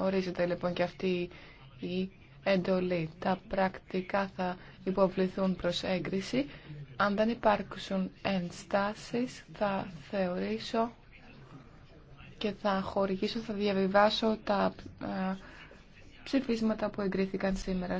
ορίζεται λοιπόν και αυτή η εντολή. Τα πρακτικά θα υποβληθούν προς έγκριση. Αν δεν υπάρξουν ενστάσεις θα θεωρήσω και θα χορηγήσω, θα διαβιβάσω τα ψηφίσματα που εγκρίθηκαν σήμερα.